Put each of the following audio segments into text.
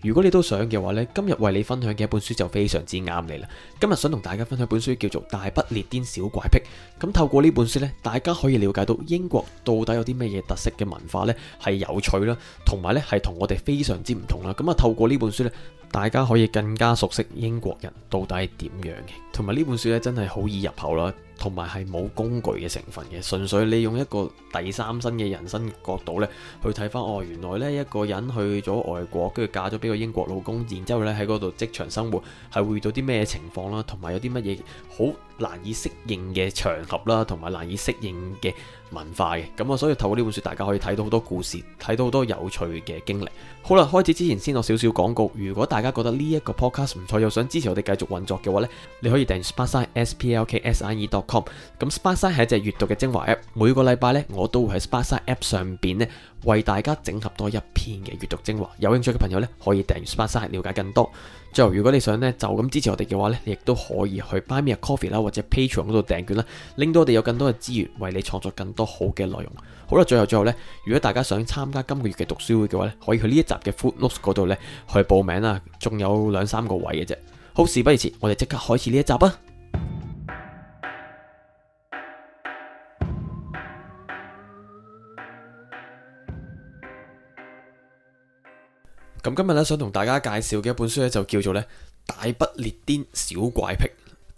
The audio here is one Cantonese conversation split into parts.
如果你都想嘅話呢，今日為你分享嘅一本書就非常之啱你啦。今日想同大家分享本書叫做《大不列顛小怪癖》。咁透過呢本書呢，大家可以了解到英國到底有啲咩嘢特色嘅文化呢？係有趣啦，同埋呢係同我哋非常之唔同啦。咁啊，透過呢本書呢，大家可以更加熟悉英國人到底係點樣嘅。同埋呢本書呢，真係好易入口啦，同埋係冇工具嘅成分嘅，純粹你用一個第三身嘅人生角度呢，去睇返哦，原來呢一個人去咗外國，跟住嫁咗。呢個英國老公，然之後咧喺嗰度職場生活，係會遇到啲咩情況啦？同埋有啲乜嘢好難以適應嘅場合啦，同埋難以適應嘅文化嘅，咁啊，所以透過呢本書，大家可以睇到好多故事，睇到好多有趣嘅經歷。好啦，開始之前先攞少少廣告。如果大家覺得呢一個 podcast 唔錯，又想支持我哋繼續運作嘅話呢，你可以訂閱 Sparksine.com。咁 Sparksine 係一隻閱讀嘅精華 app，每個禮拜呢，我都會喺 Sparksine app 上邊呢，為大家整合多一篇嘅閱讀精華。有興趣嘅朋友呢，可以訂閱 Sparksine，了解更多。最後，如果你想咧就咁支持我哋嘅話咧，你亦都可以去 Buy Me A Coffee 啦，或者 Patreon 嗰度訂券啦，令到我哋有更多嘅資源為你創作更多好嘅內容。好啦，最後最後咧，如果大家想參加今個月嘅讀書會嘅話咧，可以去呢一集嘅 Food Notes 嗰度咧去報名啦，仲有兩三個位嘅啫。好事不宜遲，我哋即刻開始呢一集啊！咁今日咧想同大家介紹嘅一本書咧就叫做咧《大不列顛小怪癖》。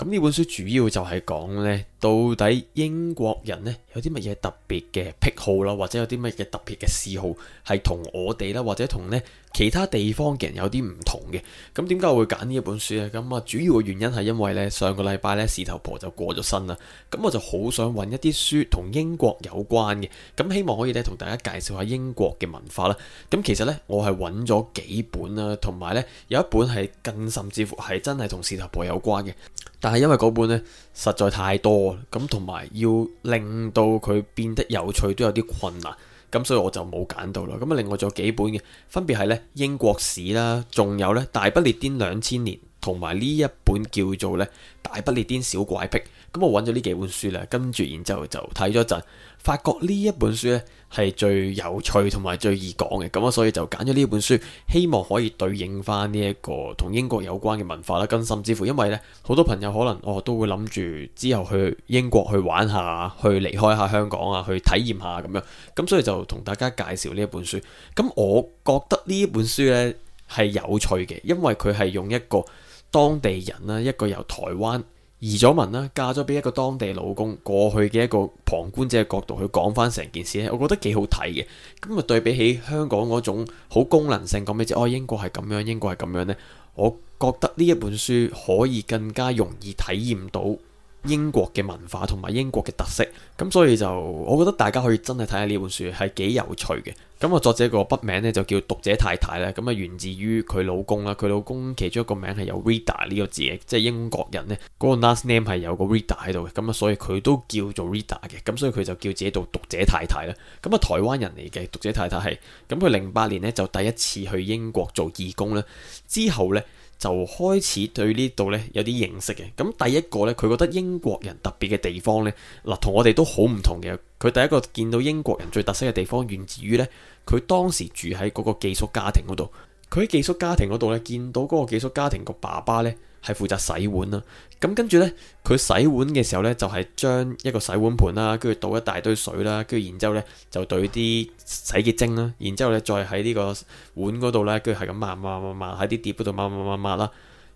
咁呢本書主要就係講呢，到底英國人呢，有啲乜嘢特別嘅癖好啦，或者有啲乜嘢特別嘅嗜好係同我哋啦，或者同呢其他地方嘅人有啲唔同嘅。咁點解我會揀呢一本書啊？咁啊，主要嘅原因係因為呢，上個禮拜呢，事頭婆就過咗身啦。咁我就好想揾一啲書同英國有關嘅，咁希望可以咧同大家介紹下英國嘅文化啦。咁其實呢，我係揾咗幾本啦，同埋呢有一本係更甚至乎係真係同事頭婆有關嘅。但係因為嗰本咧實在太多，咁同埋要令到佢變得有趣都有啲困難，咁所以我就冇揀到啦。咁啊，另外仲有幾本嘅分別係咧英國史啦，仲有咧大不列顛兩千年，同埋呢一本叫做咧大不列顛小怪癖。咁我揾咗呢幾本書咧，跟住然之後就睇咗陣，發覺呢一本書呢係最有趣同埋最易講嘅，咁啊所以就揀咗呢本書，希望可以對應翻呢一個同英國有關嘅文化啦，更甚至乎因為呢，好多朋友可能我、哦、都會諗住之後去英國去玩下，去離開下香港啊，去體驗下咁樣，咁所以就同大家介紹呢一本書。咁我覺得呢一本書呢係有趣嘅，因為佢係用一個當地人啦，一個由台灣。移咗民啦，嫁咗俾一個當地老公，過去嘅一個旁觀者嘅角度去講翻成件事咧，我覺得幾好睇嘅。咁啊對比起香港嗰種好功能性講俾你知，哦英國係咁樣，英國係咁樣咧，我覺得呢一本書可以更加容易體驗到。英國嘅文化同埋英國嘅特色，咁所以就我覺得大家可以真係睇下呢本書係幾有趣嘅。咁啊，作者個筆名咧就叫讀者太太咧，咁啊源自於佢老公啦。佢老公其中一個名係有 reader 呢個字嘅，即係英國人咧嗰個 last name 係有個 reader 喺度嘅，咁啊所以佢都叫做 reader 嘅，咁所以佢就叫自己做讀者太太啦。咁啊，台灣人嚟嘅讀者太太係，咁佢零八年咧就第一次去英國做義工啦，之後咧。就開始對呢度呢有啲認識嘅，咁第一個呢，佢覺得英國人特別嘅地方呢，嗱同我哋都好唔同嘅。佢第一個見到英國人最特色嘅地方，源自於呢，佢當時住喺嗰個寄宿家庭嗰度，佢喺寄宿家庭嗰度呢，見到嗰個寄宿家庭個爸爸呢，係負責洗碗啦。咁跟住呢，佢洗碗嘅時候呢，就係將一個洗碗盤啦，跟住倒一大堆水啦，跟住然之後呢，就懟啲洗潔精啦，然之後呢，再喺呢個碗嗰度呢，跟住係咁抹抹抹抹，喺啲碟嗰度抹抹抹抹啦，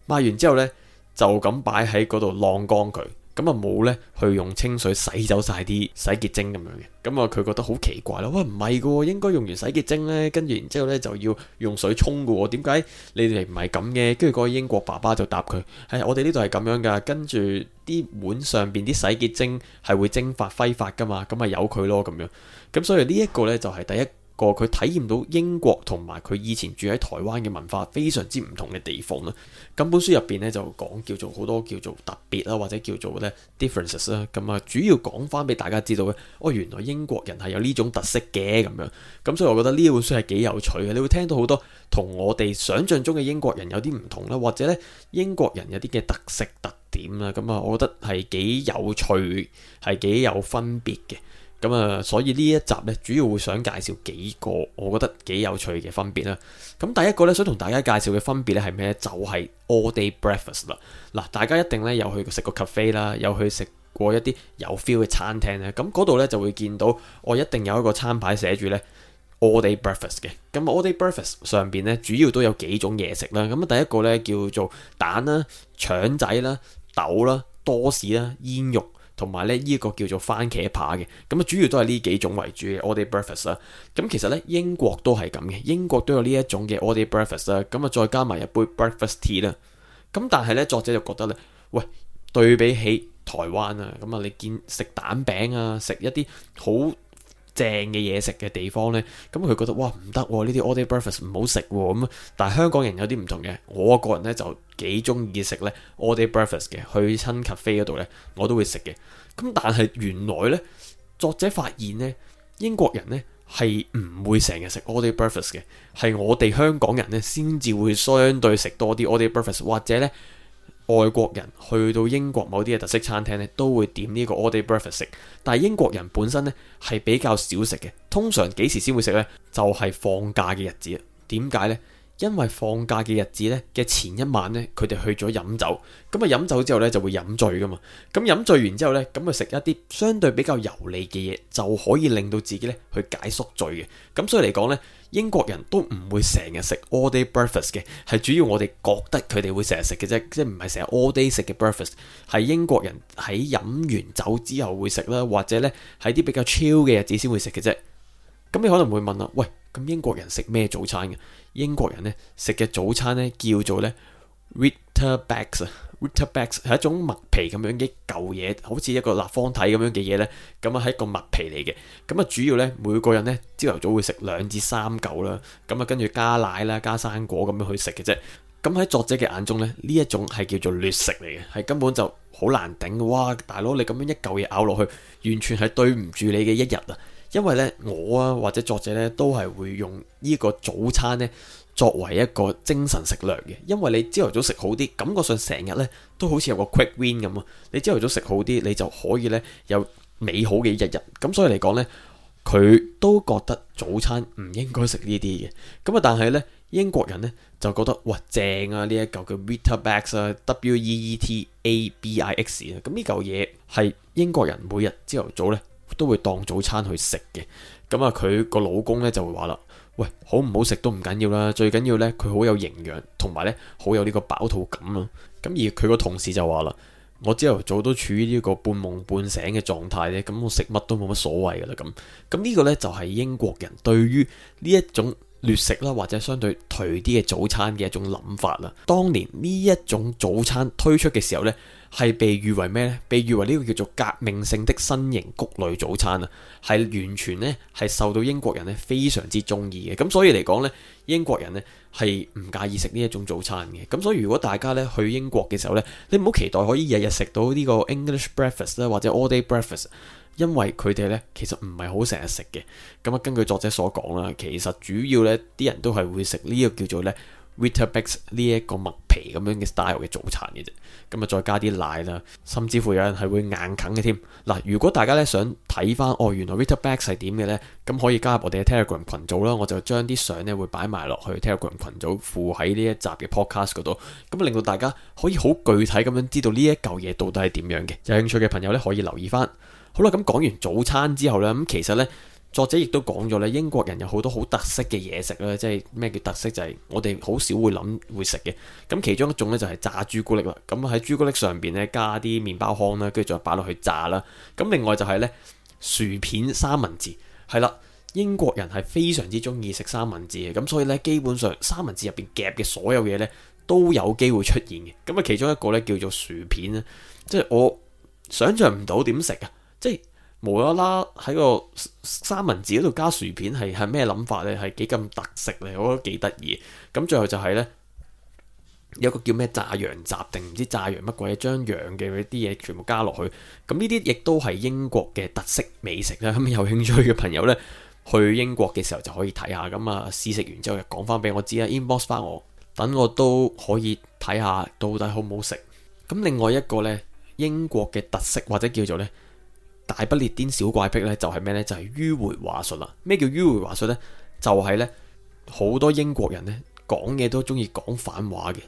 抹完之後呢，就咁擺喺嗰度晾乾佢。咁啊冇咧，去用清水洗走晒啲洗潔精咁樣嘅。咁啊，佢覺得好奇怪咯。喂，唔係噶，應該用完洗潔精咧，跟住然之後咧就要用水沖噶。點解你哋唔係咁嘅？跟住個英國爸爸就答佢：，係、哎、我哋呢度係咁樣噶。跟住啲碗上邊啲洗潔精係會蒸發揮發噶嘛。咁咪由佢咯咁樣。咁所以呢一個咧就係第一。個佢體驗到英國同埋佢以前住喺台灣嘅文化非常之唔同嘅地方啦。咁本書入邊咧就講叫做好多叫做特別啦，或者叫做咧 differences 啦。咁啊，主要講翻俾大家知道嘅哦，原來英國人係有呢種特色嘅咁樣。咁所以我覺得呢本書係幾有趣嘅。你會聽到好多同我哋想象中嘅英國人有啲唔同啦，或者咧英國人有啲嘅特色特點啦。咁啊，我覺得係幾有趣，係幾有分別嘅。咁啊，所以呢一集咧，主要會想介紹幾個我覺得幾有趣嘅分別啦。咁第一個咧，想同大家介紹嘅分別咧係咩咧？就係 all day breakfast 啦。嗱，大家一定咧有去食過 cafe 啦，有去食過一啲有 feel 嘅餐廳咧。咁嗰度咧就會見到，我一定有一個餐牌寫住咧 all day breakfast 嘅。咁 all day breakfast 上邊咧主要都有幾種嘢食啦。咁啊，第一個咧叫做蛋啦、腸仔啦、豆啦、多士啦、煙肉。同埋咧呢個叫做番茄扒嘅，咁啊主要都係呢幾種為主嘅 all-day breakfast 啦。咁其實咧英國都係咁嘅，英國都有呢一種嘅 all-day breakfast 啦。咁啊再加埋一杯 breakfast tea 啦。咁但係咧作者就覺得咧，喂對比起台灣啊，咁啊你見食蛋餅啊，食一啲好正嘅嘢食嘅地方呢，咁佢覺得哇唔得，呢啲 all day breakfast 唔好食喎。咁但係香港人有啲唔同嘅，我個人呢就幾中意食呢 all day breakfast 嘅，去親 cafe 嗰度呢，我都會食嘅。咁但係原來呢，作者發現呢，英國人呢係唔會成日食 all day breakfast 嘅，係我哋香港人呢先至會相對食多啲 all day breakfast，或者呢。外國人去到英國某啲嘅特色餐廳咧，都會點呢個 all day breakfast 食，但係英國人本身咧係比較少食嘅，通常幾時先會食呢？就係放假嘅日子啊！點解呢？因為放假嘅日子咧嘅前一晚咧，佢哋去咗飲酒，咁啊飲酒之後咧就會飲醉噶嘛，咁飲醉完之後咧，咁啊食一啲相對比較油膩嘅嘢就可以令到自己咧去解宿醉嘅。咁所以嚟講咧，英國人都唔會成日食 all day breakfast 嘅，係主要我哋覺得佢哋會成日食嘅啫，即係唔係成日 all day 食嘅 breakfast，係英國人喺飲完酒之後會食啦，或者咧喺啲比較 chill 嘅日子先會食嘅啫。咁你可能會問啦，喂，咁英國人食咩早餐嘅？英國人咧食嘅早餐咧叫做咧 Weetabix，Weetabix 係一種麥皮咁樣嘅嚿嘢，好似一個立方體咁樣嘅嘢咧，咁啊係一個麥皮嚟嘅，咁啊主要咧每個人咧朝頭早會食兩至三嚿啦，咁啊跟住加奶啦、加生果咁樣去食嘅啫。咁喺作者嘅眼中咧，呢一種係叫做劣食嚟嘅，係根本就好難頂。哇！大佬你咁樣一嚿嘢咬落去，完全係對唔住你嘅一日啊！因為咧我啊或者作者咧都係會用呢個早餐咧作為一個精神食糧嘅，因為你朝頭早食好啲，感覺上成日咧都好似有個 quick win 咁啊！你朝頭早食好啲，你就可以咧有美好嘅一日、日。咁、嗯、所以嚟講咧，佢都覺得早餐唔應該食呢啲嘅。咁啊，但係咧英國人咧就覺得哇，正啊！呢一嚿叫 Weetabix 啊，W E E T A B I X 啊，咁呢嚿嘢係英國人每日朝頭早咧。都會當早餐去食嘅，咁啊佢個老公咧就會話啦，喂，好唔好食都唔緊要啦，最緊要咧佢好有營養，同埋咧好有呢個飽肚感啊！咁而佢個同事就話啦，我朝頭早都處於呢個半夢半醒嘅狀態咧，咁我食乜都冇乜所謂噶啦咁，咁呢個咧就係英國人對於呢一種。劣食啦，或者相對頹啲嘅早餐嘅一種諗法啦。當年呢一種早餐推出嘅時候呢，係被譽為咩呢？被譽為呢個叫做革命性的新型谷類早餐啊，係完全呢，係受到英國人呢非常之中意嘅。咁所以嚟講呢，英國人呢係唔介意食呢一種早餐嘅。咁所以如果大家呢去英國嘅時候呢，你唔好期待可以日日食到呢個 English Breakfast 啦，或者 All Day Breakfast。因為佢哋咧，其實唔係好成日食嘅。咁啊，根據作者所講啦，其實主要咧啲人都係會食呢個叫做咧 Weetabix 呢一個麥皮咁樣嘅 style 嘅早餐嘅啫。咁啊，再加啲奶啦，甚至乎有人係會硬啃嘅添嗱。如果大家咧想睇翻哦，原來 Weetabix 係點嘅咧，咁可以加入我哋嘅 Telegram 群組啦。我就將啲相咧會擺埋落去 Telegram 群組附喺呢一集嘅 Podcast 嗰度，咁啊，令到大家可以好具體咁樣知道呢一嚿嘢到底係點樣嘅。有興趣嘅朋友咧，可以留意翻。好啦，咁講完早餐之後呢，咁其實呢，作者亦都講咗呢，英國人有好多好特色嘅嘢食啦。即係咩叫特色就係我哋好少會諗會食嘅。咁其中一種呢，就係炸朱古力啦，咁喺朱古力上邊呢，加啲麵包糠啦，跟住再擺落去炸啦。咁另外就係呢，薯片三文治，係啦，英國人係非常之中意食三文治嘅，咁所以呢，基本上三文治入邊夾嘅所有嘢呢，都有機會出現嘅。咁啊其中一個呢，叫做薯片咧，即係我想像唔到點食啊！即係無啦啦喺個三文治嗰度加薯片，係係咩諗法呢？係幾咁特色呢？我覺得幾得意。咁最後就係呢，有一個叫咩炸羊雜定唔知炸羊乜鬼，將羊嘅啲嘢，全部加落去。咁呢啲亦都係英國嘅特色美食啦。咁有興趣嘅朋友呢，去英國嘅時候就可以睇下。咁啊，試食完之後就講翻俾我知啦，inbox 翻我，等我都可以睇下到底好唔好食。咁另外一個呢，英國嘅特色或者叫做呢。大不列顛小怪癖咧，就係咩咧？就係、是、迂迴話術啦。咩叫迂迴話術咧？就係咧，好多英國人咧，講嘢都中意講反話嘅。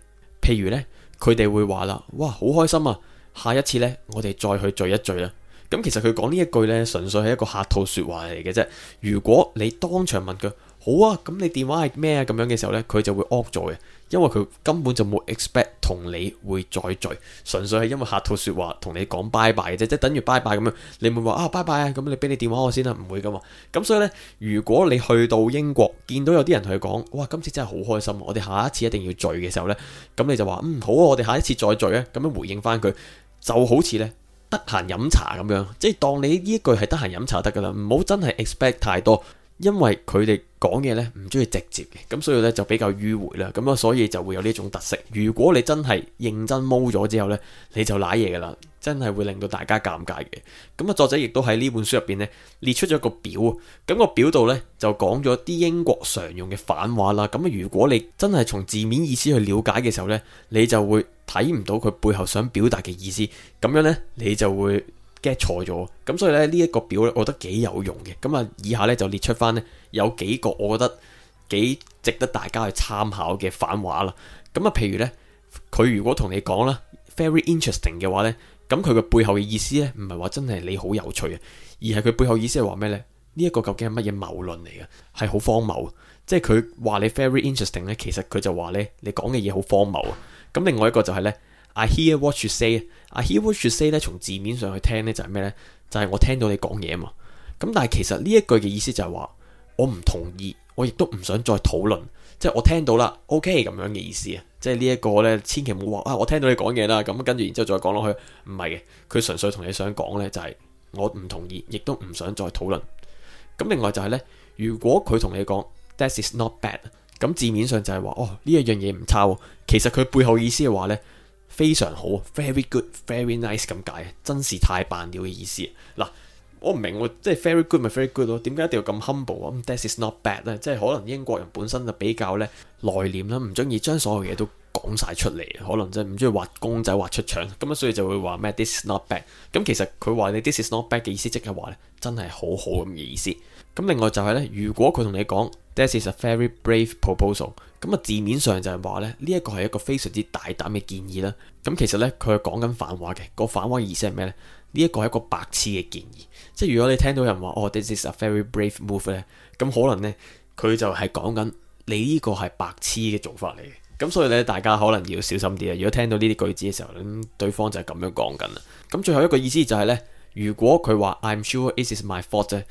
譬如咧，佢哋會話啦，哇好開心啊！下一次咧，我哋再去聚一聚啦。咁其實佢講呢一句咧，純粹係一個客套說話嚟嘅啫。如果你當場問佢。好啊，咁你電話係咩啊？咁樣嘅時候呢，佢就會噏咗嘅，因為佢根本就冇 expect 同你會再聚，純粹係因為客套説話同你講拜拜嘅啫，即等於拜拜 e 咁樣。你唔會話啊拜 y 啊，咁，啊、你俾你電話我先啦，啊，唔會噶嘛。咁所以呢，如果你去到英國見到有啲人同你講，哇，今次真係好開心，我哋下一次一定要聚嘅時候呢，咁你就話嗯，好啊，我哋下一次再聚啊，咁樣回應翻佢就好似呢，得閒飲茶咁樣，即係當你呢一句係得閒飲茶得噶啦，唔好真係 expect 太多。因為佢哋講嘢呢，唔中意直接嘅，咁所以呢就比較迂回啦。咁啊，所以就會有呢種特色。如果你真係認真踎咗之後呢，你就瀨嘢噶啦，真係會令到大家尷尬嘅。咁啊，作者亦都喺呢本書入邊呢，列出咗個表啊。咁個表度呢就講咗啲英國常用嘅反話啦。咁啊，如果你真係從字面意思去了解嘅時候呢，你就會睇唔到佢背後想表達嘅意思。咁樣呢，你就會。錯咗，咁所以咧呢一個表咧，我覺得幾有用嘅。咁啊，以下咧就列出翻呢，有幾個我覺得幾值得大家去參考嘅反話啦。咁啊，譬如呢，佢如果同你講啦 very interesting 嘅話呢，咁佢嘅背後嘅意思呢，唔係話真係你好有趣啊，而係佢背後意思係話咩呢？呢一個究竟係乜嘢謬論嚟嘅？係好荒謬，即係佢話你 very interesting 呢，其實佢就話呢，你講嘅嘢好荒謬。咁另外一個就係呢。I hear what you say. I hear what you say 咧，從字面上去聽咧就係咩咧？就係、是就是、我聽到你講嘢嘛。咁但係其實呢一句嘅意思就係話我唔同意，我亦都唔想再討論。即係我聽到啦，OK 咁樣嘅意思啊。即係呢一個咧，千祈唔好話啊，我聽到你講嘢啦。咁跟住然之後再講落去，唔係嘅。佢純粹同你想講咧、就是，就係我唔同意，亦都唔想再討論。咁另外就係咧，如果佢同你講 This is not bad，咁字面上就係話哦，呢一樣嘢唔差、哦。其實佢背後意思係話咧。非常好，very good，very nice 咁解，真是太棒了嘅意思。嗱，我唔明，即係 very good 咪 very good 咯？點解一定要咁 humble 啊？This is not bad 咧，即係可能英國人本身就比較咧內斂啦，唔中意將所有嘢都講晒出嚟，可能真係唔中意畫公仔畫出場咁啊，所以就會話咩？This is not bad。咁其實佢話你 this is not bad 嘅意思，即係話咧，真係好好咁嘅意思。咁另外就係咧，如果佢同你講，this is a very brave proposal，咁啊，字面上就係話咧呢一個係一個非常之大膽嘅建議啦。咁其實咧佢係講緊反話嘅，個反話意思係咩咧？呢一個係一個白痴嘅建議，即係如果你聽到人話哦，this is a very brave move 咧，咁可能咧佢就係講緊你呢個係白痴嘅做法嚟嘅。咁所以咧大家可能要小心啲啊。如果聽到呢啲句子嘅時候，咁對方就係咁樣講緊啦。咁最後一個意思就係咧，如果佢話 I'm sure this is my fault 啫。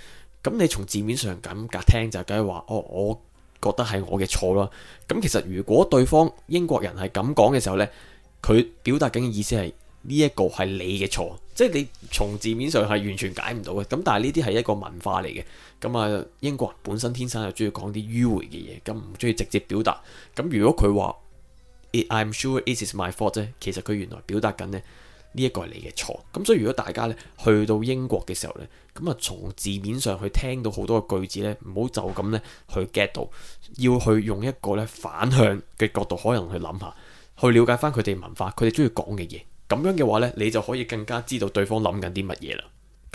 咁你從字面上咁隔聽就梗係話，哦，我覺得係我嘅錯咯。咁其實如果對方英國人係咁講嘅時候呢，佢表達緊嘅意思係呢一個係你嘅錯，即係你從字面上係完全解唔到嘅。咁但係呢啲係一個文化嚟嘅。咁啊，英國人本身天生就中意講啲迂迴嘅嘢，咁唔中意直接表達。咁如果佢話，I'm sure it is my fault 啫，其實佢原來表達緊呢。呢一個係你嘅錯，咁所以如果大家咧去到英國嘅時候咧，咁啊從字面上去聽到好多嘅句子咧，唔好就咁咧去 get 到，要去用一個咧反向嘅角度，可能去諗下，去了解返佢哋文化，佢哋鍾意講嘅嘢，咁樣嘅話咧，你就可以更加知道對方諗緊啲乜嘢啦。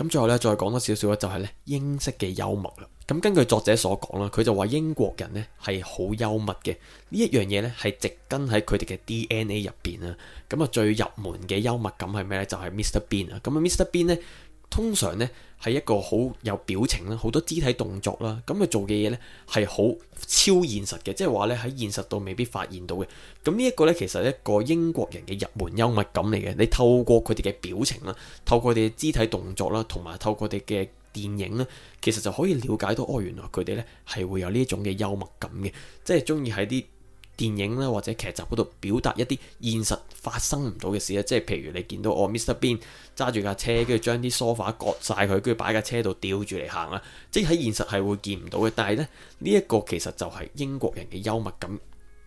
咁最後咧，再講多少少咧，就係咧英式嘅幽默啦。咁根據作者所講啦，佢就話英國人咧係好幽默嘅呢一樣嘢咧，係植根喺佢哋嘅 D N A 入邊啊。咁啊，最入門嘅幽默感係咩咧？就係、是、Mr Bean 啊。咁啊，Mr Bean 咧通常咧。係一個好有表情啦，好多肢體動作啦，咁佢做嘅嘢呢，係好超現實嘅，即係話呢，喺現實度未必發現到嘅。咁呢一個呢，其實一個英國人嘅入門幽默感嚟嘅，你透過佢哋嘅表情啦，透過佢哋嘅肢體動作啦，同埋透過佢哋嘅電影呢，其實就可以了解到，哦，原來佢哋呢，係會有呢一種嘅幽默感嘅，即係中意喺啲。電影啦，或者劇集嗰度表達一啲現實發生唔到嘅事咧，即係譬如你見到我 Mr. Bean 揸住架車，跟住將啲梳化割晒佢，跟住擺架車度吊住嚟行啊！即係喺現實係會見唔到嘅，但係咧呢一個其實就係英國人嘅幽默感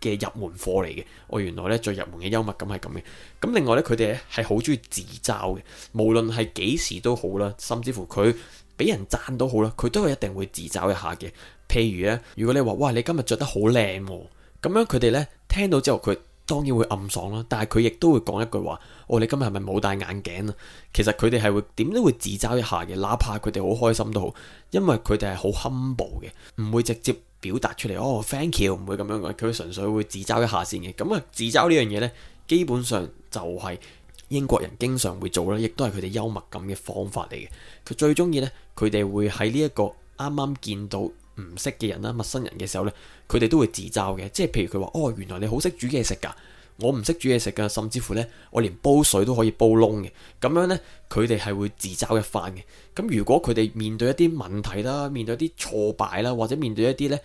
嘅入門貨嚟嘅。我、哦、原來咧最入門嘅幽默感係咁嘅。咁另外咧，佢哋係好中意自嘲嘅，無論係幾時都好啦，甚至乎佢俾人讚都好啦，佢都係一定會自嘲一下嘅。譬如咧，如果你話哇，你今日着得好靚啊。咁樣佢哋呢，聽到之後，佢當然會暗爽啦。但係佢亦都會講一句話：哦，你今日係咪冇戴眼鏡啊？其實佢哋係會點都會自嘲一下嘅，哪怕佢哋好開心都好，因為佢哋係好 humble 嘅，唔會直接表達出嚟。哦，thank you，唔會咁樣講，佢會純粹會自嘲一下先嘅。咁啊，自嘲呢樣嘢呢，基本上就係英國人經常會做啦，亦都係佢哋幽默感嘅方法嚟嘅。佢最中意呢，佢哋會喺呢一個啱啱見到唔識嘅人啦，陌生人嘅時候呢，佢哋都會自嘲嘅，即係譬如佢話哦，原來你好識煮嘢食噶，我唔識煮嘢食噶，甚至乎呢，我連煲水都可以煲窿嘅，咁樣呢，佢哋係會自嘲一番嘅。咁如果佢哋面對一啲問題啦，面對一啲挫敗啦，或者面對一啲呢、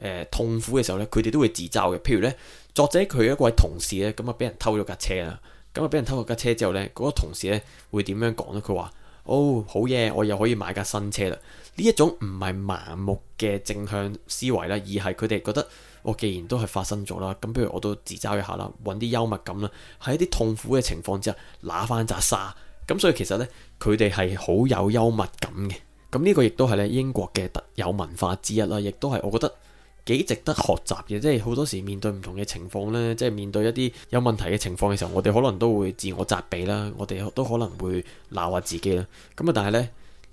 呃、痛苦嘅時候呢，佢哋都會自嘲嘅。譬如呢，作者佢一位同事呢，咁啊俾人偷咗架車啦，咁啊俾人偷咗架車之後呢，嗰個同事呢會點樣講呢？佢話哦，好嘢，我又可以買架新車啦。呢一種唔係盲目嘅正向思維啦，而係佢哋覺得我既然都係發生咗啦，咁不如我都自嘲一下啦，揾啲幽默感啦，喺一啲痛苦嘅情況之下拿翻紮沙，咁所以其實呢，佢哋係好有幽默感嘅，咁呢個亦都係咧英國嘅特有文化之一啦，亦都係我覺得幾值得學習嘅，即係好多時面對唔同嘅情況呢，即係面對一啲有問題嘅情況嘅時候，我哋可能都會自我責備啦，我哋都可能會鬧下自己啦，咁啊但係呢。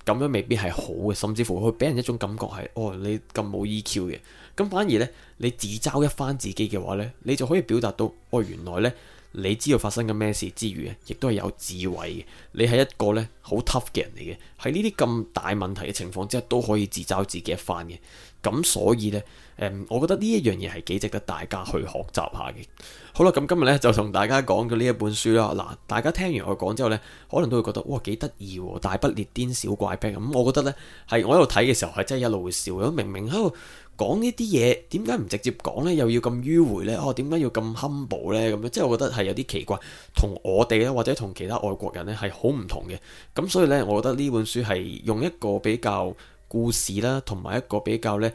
咁樣未必係好嘅，甚至乎會俾人一種感覺係，哦，你咁冇 EQ 嘅。咁反而呢，你自嘲一番自己嘅話呢，你就可以表達到，哦，原來呢。你知道發生緊咩事之餘，亦都係有智慧嘅。你係一個咧好 tough 嘅人嚟嘅，喺呢啲咁大問題嘅情況之下都可以自嘲自己一番嘅。咁所以呢，誒、嗯，我覺得呢一樣嘢係幾值得大家去學習下嘅。好啦，咁今日呢，就同大家講咗呢一本書啦。嗱，大家聽完我講之後呢，可能都會覺得哇，幾得意喎，大不列顛小怪癖。咁、嗯、我覺得呢，係我喺度睇嘅時候係真係一路會笑，因為明明喺度、哦……講呢啲嘢點解唔直接講呢？又要咁迂迴呢？哦、啊，點解要咁 humble 呢？咁樣即係我覺得係有啲奇怪，同我哋咧或者同其他外國人呢，係好唔同嘅。咁所以呢，我覺得呢本書係用一個比較故事啦，同埋一個比較呢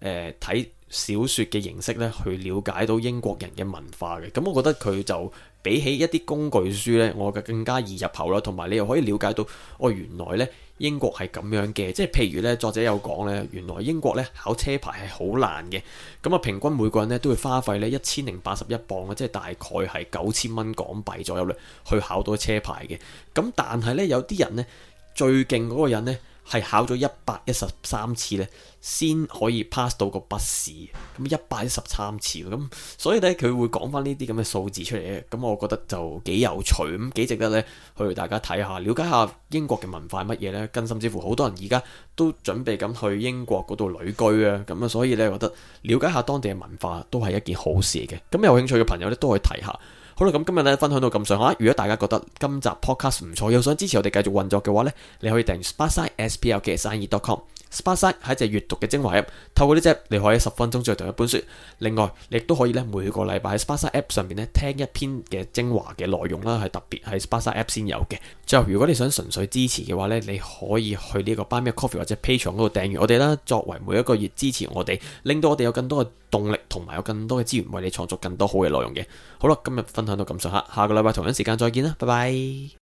誒睇小説嘅形式呢，去了解到英國人嘅文化嘅。咁我覺得佢就。比起一啲工具書呢，我嘅更加易入口啦，同埋你又可以了解到，哦，原來呢英國係咁樣嘅，即係譬如呢作者有講呢，原來英國呢考車牌係好難嘅，咁，啊平均每個人呢都會花費呢一千零八十一鎊，即係大概係九千蚊港幣左右啦，去考到車牌嘅，咁但係呢，有啲人呢，最勁嗰個人呢。係考咗一百一十三次呢，先可以 pass 到個筆試。咁一百一十三次，咁所以呢，佢會講翻呢啲咁嘅數字出嚟。咁我覺得就幾有趣，咁幾值得呢去大家睇下，了解下英國嘅文化乜嘢呢，跟甚至乎好多人而家都準備咁去英國嗰度旅居啊。咁啊，所以呢，我覺得了解下當地嘅文化都係一件好事嘅。咁有興趣嘅朋友呢，都可以睇下。好啦，咁今日咧分享到咁上下。如果大家覺得今集 podcast 唔錯，又想支持我哋繼續運作嘅話咧，你可以訂閱 spotlight spl 嘅生意 .com。Spasa 係隻閱讀嘅精華 app，透過呢隻你可以十分鐘再讀一本書。另外，你都可以咧，每個禮拜喺 Spasa app 上面咧聽一篇嘅精華嘅內容啦，係特別係 Spasa app 先有嘅。最後，如果你想純粹支持嘅話咧，你可以去呢個 Buy Me a Coffee 或者 Patreon 嗰度訂閱我哋啦，作為每一個月支持我哋，令到我哋有更多嘅動力同埋有更多嘅資源為你創作更多好嘅內容嘅。好啦，今日分享到咁上下，下個禮拜同一時間再見啦，拜拜。